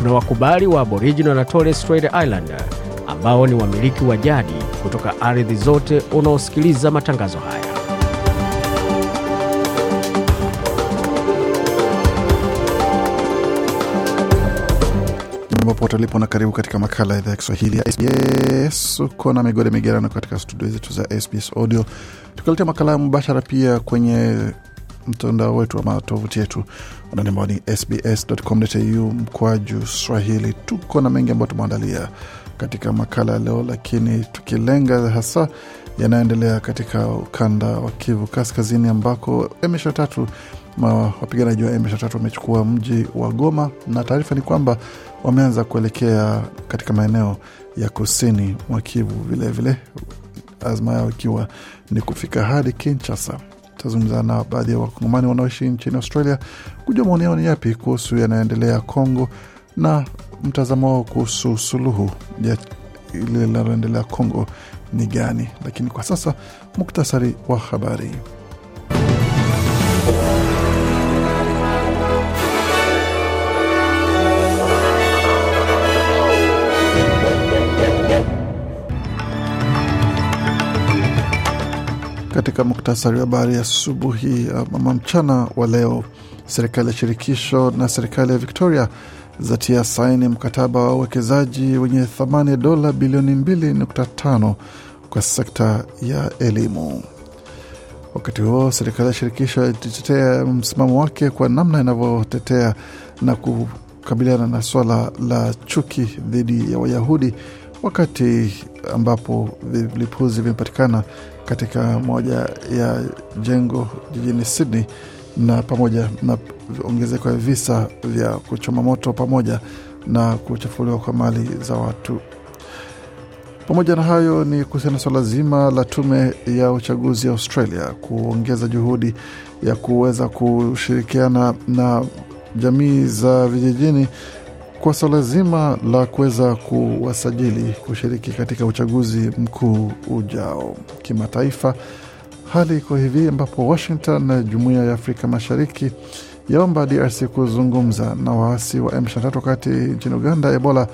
kuna wakubali wa Aboriginal na Torres Strait Islander ambao ni wamiliki wa jadi kutoka ardhi zote unaosikiliza matangazo haya. popote ulipo na karibu katika makala ya idhaa ya Kiswahili ya SBS. Uko na Migode Migerano katika studio zetu za SBS Audio, tukiletea makala mubashara pia kwenye mtandao wetu ama tovuti yetu anani ambao ni sbs.com.au mkwaju swahili. Tuko na mengi ambayo tumeandalia katika makala ya leo, lakini tukilenga hasa yanayoendelea katika ukanda wa Kivu Kaskazini ambako M23 wapiganaji wa M23 wamechukua mji wa Goma na taarifa ni kwamba wameanza kuelekea katika maeneo ya kusini mwa Kivu, vilevile azma yao ikiwa ni kufika hadi Kinshasa tutazungumza na baadhi ya wakongomani wanaoishi nchini Australia kujua maoni yao ni yapi kuhusu yanayoendelea Kongo na mtazamo wao kuhusu suluhu ya lile linaloendelea Kongo ni gani. Lakini kwa sasa muktasari wa habari. katika muktasari wa habari asubuhi um, ama mchana wa leo, serikali ya shirikisho na serikali ya Victoria zatia saini mkataba wa uwekezaji wenye thamani ya dola bilioni 2.5 kwa sekta ya elimu. Wakati huo serikali ya shirikisho ilitetea msimamo wake kwa namna inavyotetea na kukabiliana na swala la chuki dhidi ya Wayahudi wakati ambapo vilipuzi vimepatikana katika moja ya jengo jijini Sydney na pamoja na ongezeko ya visa vya kuchoma moto pamoja na kuchafuliwa kwa mali za watu. Pamoja na hayo ni kuhusiana na swala zima la tume ya uchaguzi ya Australia kuongeza juhudi ya kuweza kushirikiana na jamii za vijijini kwa swala zima la kuweza kuwasajili kushiriki katika uchaguzi mkuu ujao kimataifa. Hali iko hivi ambapo Washington na jumuiya ya Afrika Mashariki yaomba DRC kuzungumza na waasi wa M23, wakati nchini Uganda Ebola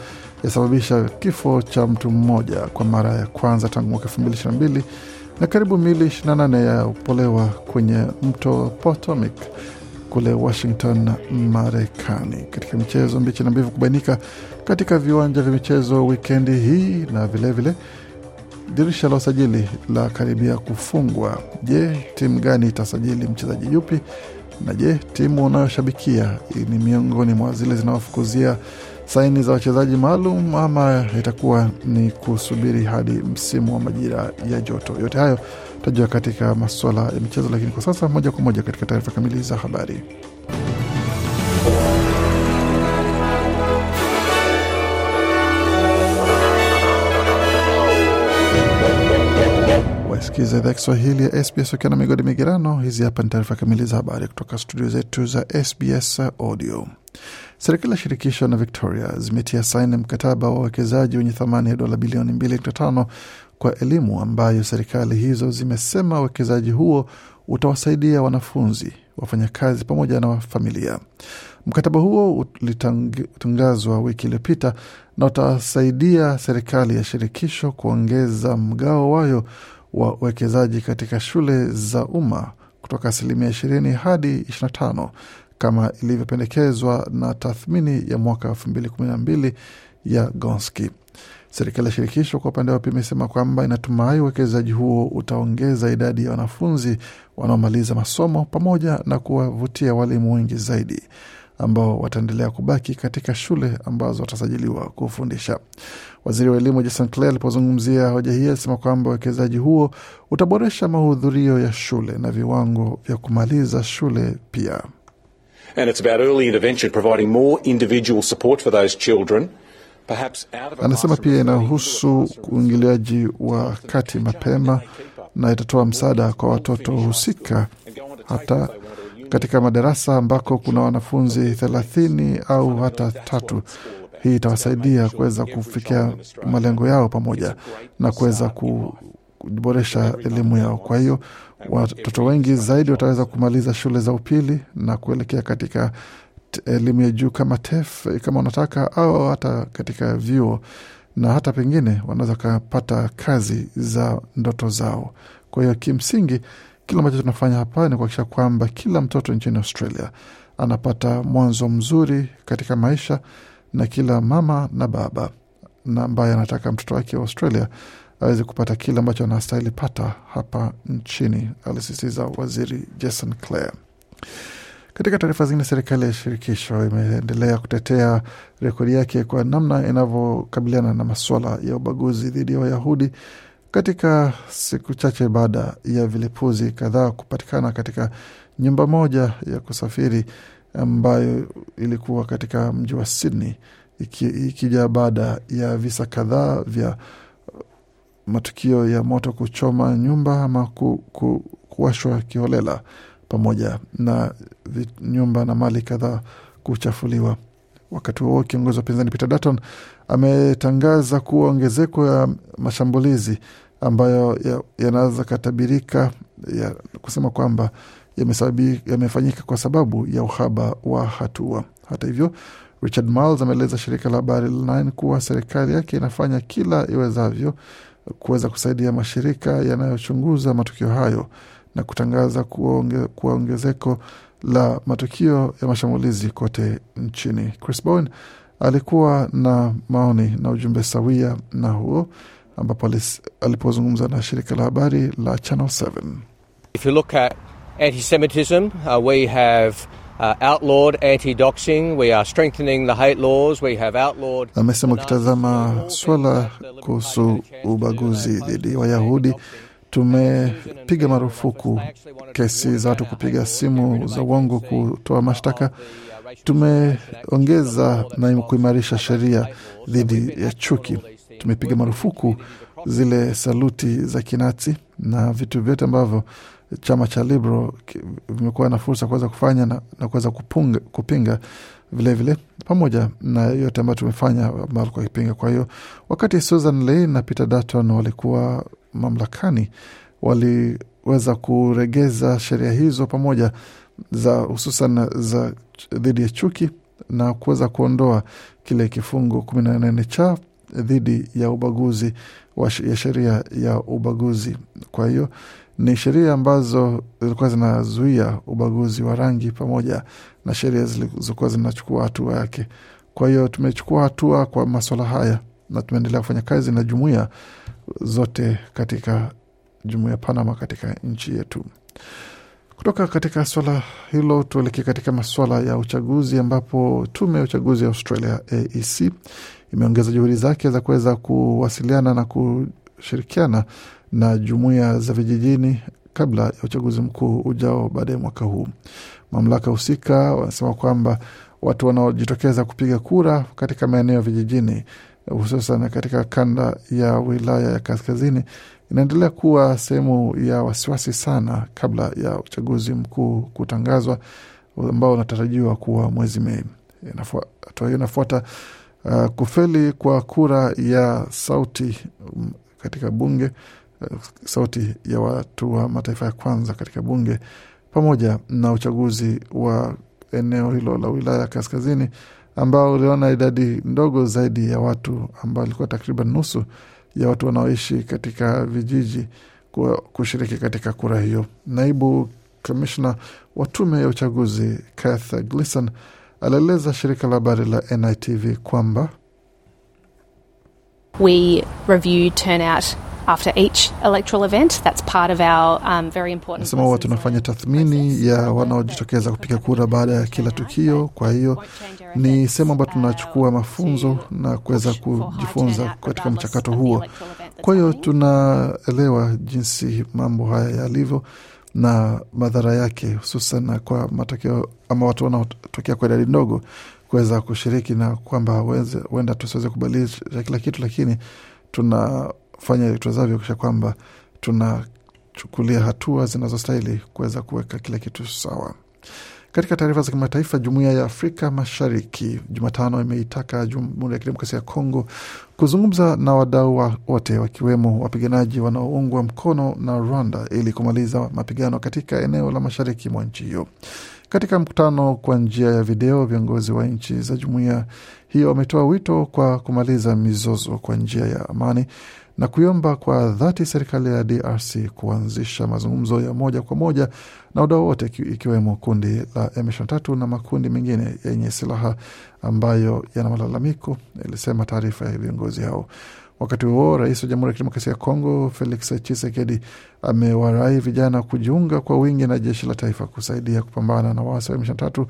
yasababisha kifo cha mtu mmoja kwa mara ya kwanza tangu mwaka 22 na karibu mili 28 yaopolewa kwenye mto Potomac kule Washington, Marekani. Katika michezo, mbichi na mbivu kubainika katika viwanja vya michezo wikendi hii na vilevile vile, dirisha la usajili la karibia kufungwa. Je, timu gani itasajili mchezaji yupi? Na je, timu unayoshabikia ni miongoni mwa zile zinawafukuzia saini za wachezaji maalum ama itakuwa ni kusubiri hadi msimu wa majira ya joto? Yote hayo tajwa katika maswala ya michezo, lakini kwa sasa moja kwa moja katika taarifa kamili za habari. Waisikiza idhaa Kiswahili ya SBS ukiwa na migodi migerano. Hizi hapa ni taarifa kamili za habari kutoka studio zetu za SBS Audio. Serikali ya shirikisho na Victoria zimetia saini mkataba wa wawekezaji wenye thamani ya dola bilioni 2.5 kwa elimu ambayo serikali hizo zimesema uwekezaji huo utawasaidia wanafunzi, wafanyakazi pamoja na familia. Mkataba huo ulitangazwa wiki iliyopita na utasaidia serikali ya shirikisho kuongeza mgao wayo wa uwekezaji katika shule za umma kutoka asilimia ishirini hadi ishirini tano kama ilivyopendekezwa na tathmini ya mwaka elfu mbili kumi na mbili ya Gonski. Serikali ya shirikisho kwa upande wapi imesema kwamba inatumai uwekezaji huo utaongeza idadi ya wanafunzi wanaomaliza masomo pamoja na kuwavutia walimu wengi zaidi ambao wataendelea kubaki katika shule ambazo watasajiliwa kufundisha. Waziri wa elimu Jason Clare alipozungumzia hoja hii alisema kwamba uwekezaji huo utaboresha mahudhurio ya shule na viwango vya kumaliza shule pia. And it's about early intervention providing more individual support for those children Anasema pia inahusu uingiliaji wa kati mapema na itatoa msaada kwa watoto husika, hata katika madarasa ambako kuna wanafunzi thelathini au hata tatu. Hii itawasaidia kuweza kufikia malengo yao pamoja na kuweza kuboresha elimu yao. Kwa hiyo watoto wengi zaidi wataweza kumaliza shule za upili na kuelekea katika elimu ya juu kama TEF kama unataka, au hata katika vyuo na hata pengine wanaweza wakapata kazi za ndoto zao. Kwa hiyo kimsingi, kile ambacho tunafanya hapa ni kuhakikisha kwamba kila mtoto nchini Australia anapata mwanzo mzuri katika maisha, na kila mama na baba na ambaye anataka mtoto wake wa Australia aweze kupata kile ambacho anastahili pata hapa nchini, alisisitiza Waziri Jason Clare. Katika taarifa zingine, serikali ya shirikisho imeendelea kutetea rekodi yake kwa namna inavyokabiliana na masuala ya ubaguzi dhidi ya Wayahudi katika siku chache baada ya vilipuzi kadhaa kupatikana katika nyumba moja ya kusafiri ambayo ilikuwa katika mji wa Sydney, ikija baada ya visa kadhaa vya matukio ya moto kuchoma nyumba ama kuwashwa kiholela pamoja na nyumba na mali kadhaa kuchafuliwa. Wakati huo kiongozi wa upinzani Peter Dutton ametangaza kuwa ongezeko ya mashambulizi ambayo yanaweza ya katabirika ya kusema kwamba yamefanyika kwa sababu ya uhaba wa hatua. Hata hivyo, Richard Marles ameeleza shirika la habari la Nine kuwa serikali yake inafanya kila iwezavyo kuweza kusaidia mashirika yanayochunguza matukio hayo na kutangaza kuwa ongezeko la matukio ya mashambulizi kote nchini. Chris Bowen alikuwa na maoni na ujumbe sawia na huo ambapo alipozungumza na shirika la habari la Channel 7. If you look at antisemitism, uh, we have Uh, outlawed anti-doxing. We are strengthening the hate laws. We have outlawed... Amesema ukitazama swala kuhusu ubaguzi dhidi ya Wayahudi tumepiga marufuku kesi za watu kupiga simu za uongo kutoa mashtaka. Tumeongeza na kuimarisha sheria dhidi ya chuki. Tumepiga marufuku zile saluti za kinazi na vitu vyote ambavyo chama cha Liberal vimekuwa na fursa kuweza kufanya na, na kuweza kupinga vilevile vile, pamoja na yote ambayo tumefanya ambayo alikuwa akipinga. Kwa hiyo wakati Susan Ley na Peter Dutton walikuwa mamlakani waliweza kuregeza sheria hizo pamoja za hususan za dhidi ya chuki na kuweza kuondoa kile kifungu kumi na nane cha dhidi ya ubaguzi wa ya sheria ya ubaguzi. Kwa hiyo ni sheria ambazo zilikuwa zinazuia ubaguzi wa rangi pamoja na sheria zilizokuwa zinachukua hatua yake. Kwa hiyo tumechukua hatua kwa maswala haya na tumeendelea kufanya kazi na jumuia zote katika jumuiya ya Panama katika nchi yetu. Kutoka katika swala hilo tuelekee katika masuala ya uchaguzi, ambapo tume ya uchaguzi ya Australia AEC imeongeza juhudi zake za kuweza kuwasiliana na kushirikiana na jumuiya za vijijini kabla ya uchaguzi mkuu ujao baada ya mwaka huu. Mamlaka husika wanasema kwamba watu wanaojitokeza kupiga kura katika maeneo ya vijijini hususan katika kanda ya wilaya ya kaskazini inaendelea kuwa sehemu ya wasiwasi sana kabla ya uchaguzi mkuu kutangazwa ambao unatarajiwa kuwa mwezi Mei. Hatua hiyo inafuata uh, kufeli kwa kura ya sauti um, katika bunge uh, sauti ya watu wa mataifa ya kwanza katika bunge pamoja na uchaguzi wa eneo hilo la wilaya ya kaskazini ambao uliona idadi ndogo zaidi ya watu ambao ilikuwa takriban nusu ya watu wanaoishi katika vijiji kushiriki katika kura hiyo. Naibu kamishna wa tume ya uchaguzi Kath Gleason alieleza shirika la habari la NITV kwamba We review turnout after each electoral event. That's part of our um, very important. Nasema huwa tunafanya tathmini ya wanaojitokeza kupiga kura baada ya kila tukio. Kwa hiyo ni sehemu ambayo tunachukua uh, mafunzo na kuweza kujifunza katika mchakato huo. Kwa hiyo tunaelewa jinsi mambo haya yalivyo na madhara yake, hususan kwa matokeo ama watu wanaotokea kwa idadi ndogo kuweza kushiriki, na kwamba huenda tusiweze kubadilisha kila kitu, lakini tuna fanya tuwezavyo kisha kwamba tunachukulia hatua zinazostahili kuweza kuweka kila kitu sawa. Katika taarifa za kimataifa, jumuiya ya Afrika Mashariki Jumatano imeitaka Jamhuri ya Kidemokrasia ya Kongo kuzungumza na wadau wote wakiwemo wapiganaji wanaoungwa mkono na Rwanda ili kumaliza mapigano katika eneo la mashariki mwa nchi hiyo. Katika mkutano kwa njia ya video, viongozi wa nchi za jumuiya hiyo wametoa wito kwa kumaliza mizozo kwa njia ya amani na kuiomba kwa dhati serikali ya DRC kuanzisha mazungumzo ya moja kwa moja na wadau wote ikiwemo kundi la M23 na makundi mengine yenye silaha ambayo yana malalamiko, ilisema taarifa ya viongozi hao. Wakati huo rais wa Jamhuri ya Kidemokrasia ya Kongo Felix Chisekedi amewarai vijana kujiunga kwa wingi na jeshi la taifa kusaidia kupambana na waasi wa M23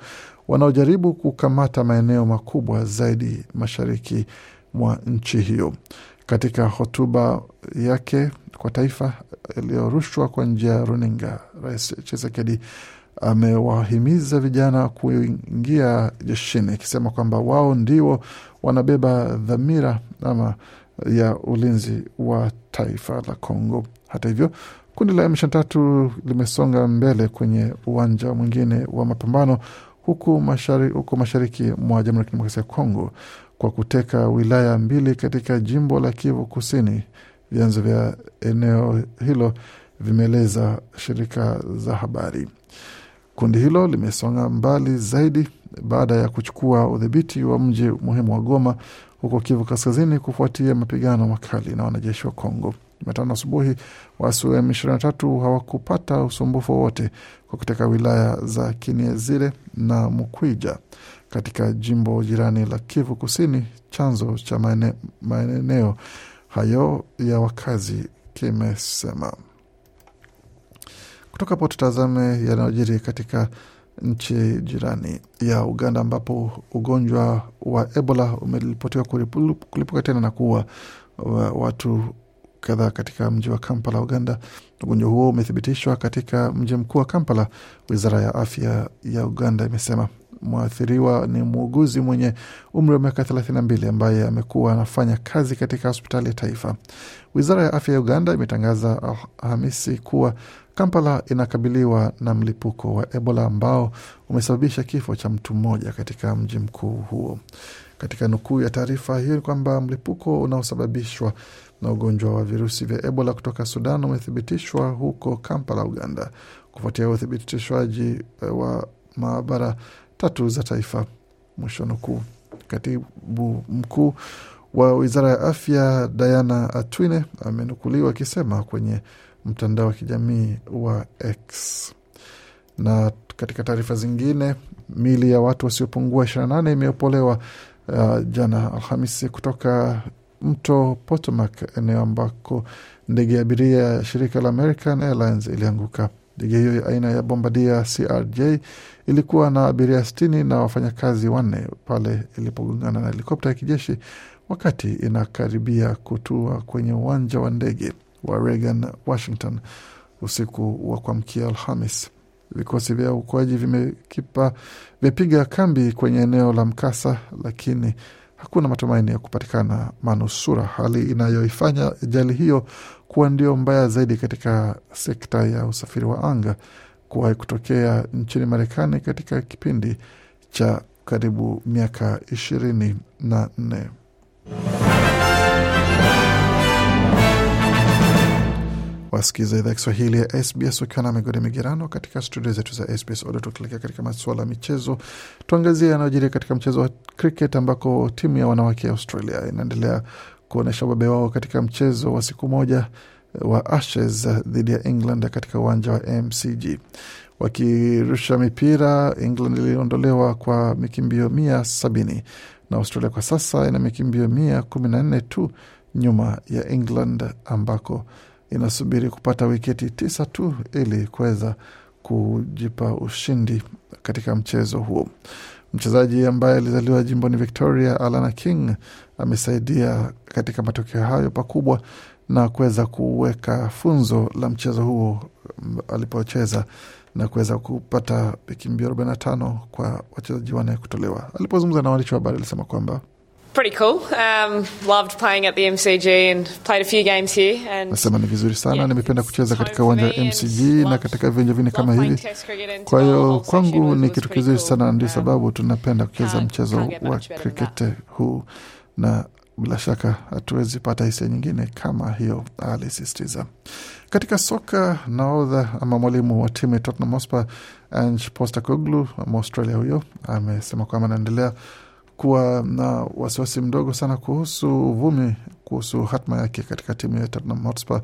wanaojaribu kukamata maeneo makubwa zaidi mashariki mwa nchi hiyo. Katika hotuba yake kwa taifa iliyorushwa kwa njia ya runinga, Rais Chisekedi amewahimiza vijana kuingia jeshini, akisema kwamba wao ndio wanabeba dhamira ama ya ulinzi wa taifa la Kongo. Hata hivyo kundi la M23 limesonga mbele kwenye uwanja mwingine wa mapambano huku mashariki, huku mashariki mwa Jamhuri ya Kidemokrasia ya Kongo kwa kuteka wilaya mbili katika jimbo la Kivu Kusini. Vyanzo vya eneo hilo vimeeleza shirika za habari. Kundi hilo limesonga mbali zaidi baada ya kuchukua udhibiti wa mji muhimu wa Goma huko Kivu Kaskazini kufuatia mapigano makali na wanajeshi wa Kongo. Jumatano asubuhi waasi wa M23 hawakupata usumbufu wowote kwa kuteka wilaya za Kiniezire na Mukwija katika jimbo jirani la Kivu Kusini. Chanzo cha maeneo hayo ya wakazi kimesema. Kutoka hapo tutazame yanayojiri katika nchi jirani ya Uganda ambapo ugonjwa wa Ebola umeripotiwa kulipuka tena na kuua watu kadhaa katika mji wa Kampala, Uganda. Ugonjwa huo umethibitishwa katika mji mkuu wa Kampala, wizara ya afya ya Uganda imesema. Mwathiriwa ni muuguzi mwenye umri wa miaka mbili ambaye amekuwa anafanya kazi katika hospitali ya taifa. Wizara ya afya ya Uganda imetangaza Alhamisi kuwa Kampala inakabiliwa na mlipuko wa Ebola ambao umesababisha kifo cha mtu mmoja katika mji mkuu huo. Katika nukuu ya taarifa hiyo ni kwamba mlipuko unaosababishwa na ugonjwa wa virusi vya Ebola kutoka Sudan umethibitishwa huko Kampala, Uganda, kufuatia uthibitishwaji eh, wa maabara tatu za taifa, mwisho nukuu. Katibu mkuu wa wizara ya afya Diana Atwine amenukuliwa akisema kwenye mtandao wa kijamii wa X. Na katika taarifa zingine, mili ya watu wasiopungua 28 imeopolewa uh, jana Alhamisi kutoka mto Potomac, eneo ambako ndege ya abiria ya shirika la American Airlines ilianguka. Ndege hiyo aina ya bombadia CRJ ilikuwa na abiria sitini na wafanyakazi wanne pale ilipogongana na helikopta ya kijeshi wakati inakaribia kutua kwenye uwanja wa ndege wa Reagan, Washington usiku wa kuamkia Alhamis. Vikosi vya uokoaji vimepiga kambi kwenye eneo la mkasa, lakini hakuna matumaini ya kupatikana manusura, hali inayoifanya ajali hiyo kuwa ndio mbaya zaidi katika sekta ya usafiri wa anga kuwahi kutokea nchini Marekani katika kipindi cha karibu miaka ishirini na nne. Wasikiza idhaa Kiswahili ya SBS ukiwa na migode migerano katika studio zetu za SBS Audio, tukielekea katika masuala ya michezo. Tuangazie yanayojiri katika mchezo wa cricket ambako timu ya wanawake ya Australia inaendelea kuonyesha ubabe wao katika mchezo wa siku moja eh, wa Ashes eh, dhidi ya England katika uwanja wa MCG. Wakirusha mipira, England iliondolewa kwa mikimbio mia sabini na Australia kwa sasa ina mikimbio mia kumi na nne tu nyuma ya England ambako inasubiri kupata wiketi tisa tu ili kuweza kujipa ushindi katika mchezo huo. Mchezaji ambaye alizaliwa jimboni Victoria, Alana King amesaidia katika matokeo hayo pakubwa na kuweza kuweka funzo la mchezo huo mm, alipocheza na kuweza kupata kimbio 45 kwa wachezaji wanne kutolewa. Alipozungumza na waandishi wa habari alisema kwamba pretty cool. Um, loved playing at the MCG and played a few games here and nasema ni vizuri sana yeah, nimependa kucheza katika uwanja wa MCG na katika viwanja vingine kama hivi. Kwa hiyo kwangu ni kitu kizuri cool. sana, ndio um, sababu tunapenda kucheza mchezo wa kriketi huu na bila shaka hatuwezi pata hisia nyingine kama hiyo, alisisitiza. Katika soka, naodha ama mwalimu wa timu ya Tottenham Hotspur Ange Postecoglou, Australia huyo, amesema kwamba anaendelea kuwa na wasiwasi mdogo sana kuhusu uvumi kuhusu hatma yake katika timu ya Tottenham Hotspur.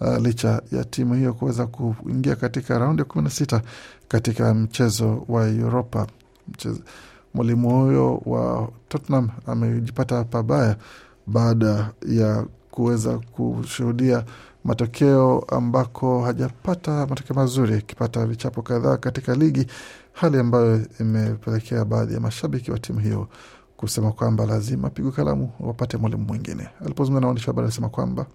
Uh, licha ya timu hiyo kuweza kuingia katika raundi ya kumi na sita katika mchezo wa Uropa. Mwalimu huyo wa Tottenham amejipata pabaya baada ya kuweza kushuhudia matokeo ambako hajapata matokeo mazuri, akipata vichapo kadhaa katika ligi, hali ambayo imepelekea baadhi ya mashabiki wa timu hiyo kusema kwamba lazima pigwe kalamu wapate mwalimu mwingine. Alipozungumza na waandishi habari alisema kwamba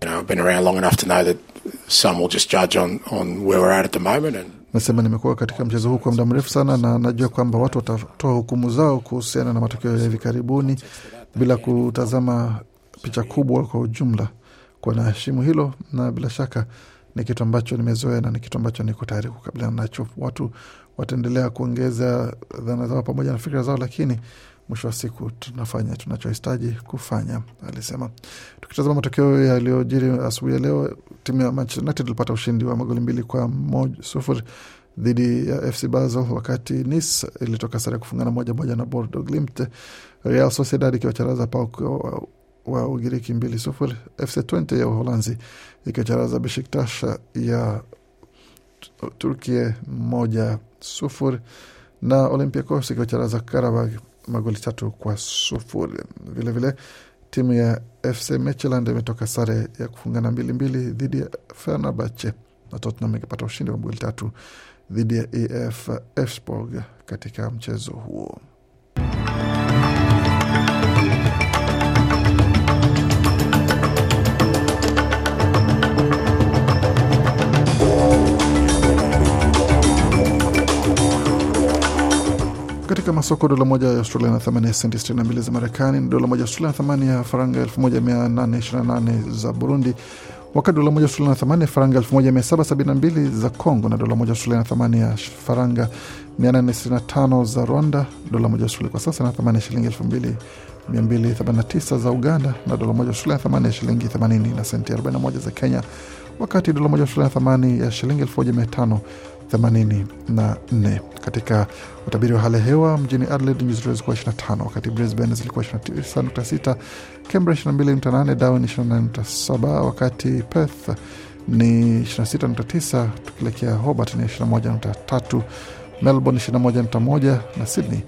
nasema nimekuwa katika mchezo huu kwa muda mrefu sana, na najua kwamba watu watatoa hukumu zao kuhusiana na matokeo ya hivi karibuni bila kutazama picha kubwa kwa ujumla kuwa naheshimu hilo, na bila shaka ni kitu ambacho nimezoea na ni kitu ambacho niko tayari kukabiliana nacho. Watu wataendelea kuongeza dhana zao pamoja na fikira zao, lakini mwisho wa siku tunafanya tunachohitaji kufanya, alisema. Tukitazama matokeo yaliyojiri asubuhi ya leo, timu ya Manchester United ilipata ushindi wa magoli mbili kwa moja sufuri dhidi ya FC Basel, wakati Nice ilitoka sare ya kufungana moja moja na Bordeaux Glimt, Real Sociedad ikiwacharaza PAOK wa Ugiriki mbili sufuri. FC Twente ya Uholanzi ikicharaza Beshiktash ya Turkie moja sufuri na Olympiacos ikiocharaza Karabag magoli tatu kwa sufuri. Vilevile timu ya FC Mecheland imetoka sare ya kufungana mbili mbili dhidi ya Fenerbahce na Tottenham ikipata ushindi wa magoli tatu dhidi ya EF katika mchezo huo. Katika masoko dola moja ya Australia na thamani ya senti 62 za Marekani, na dola moja ya Australia na thamani ya faranga 1828 za Burundi, wakati dola moja Australia na thamani ya faranga 1772 za Congo na dola moja Australia na thamani ya faranga 865 za Rwanda. Dola moja Australia kwa sasa na thamani ya shilingi 2289 za Uganda na dola moja Australia na thamani ya shilingi 80 na senti 41 za Kenya, wakati dola moja Australia na thamani ya shilingi 1500 84. Katika utabiri wa hali ya hewa mjini Adelaide nyuzi joto zilikuwa 25, wakati Brisbane zilikuwa 29.6, Canberra 22.8, Darwin 27, wakati Perth ni 26.9, tukielekea Hobart ni 21.3, Melbourne 21.1 na Sydney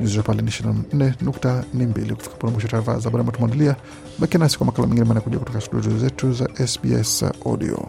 nyuzi joto pale ni 24.2. Kufika pona mwisho taarifa za habari ambayo tumeandalia. Bakia nasi kwa makala mengine manakuja kutoka studio zetu za SBS Audio.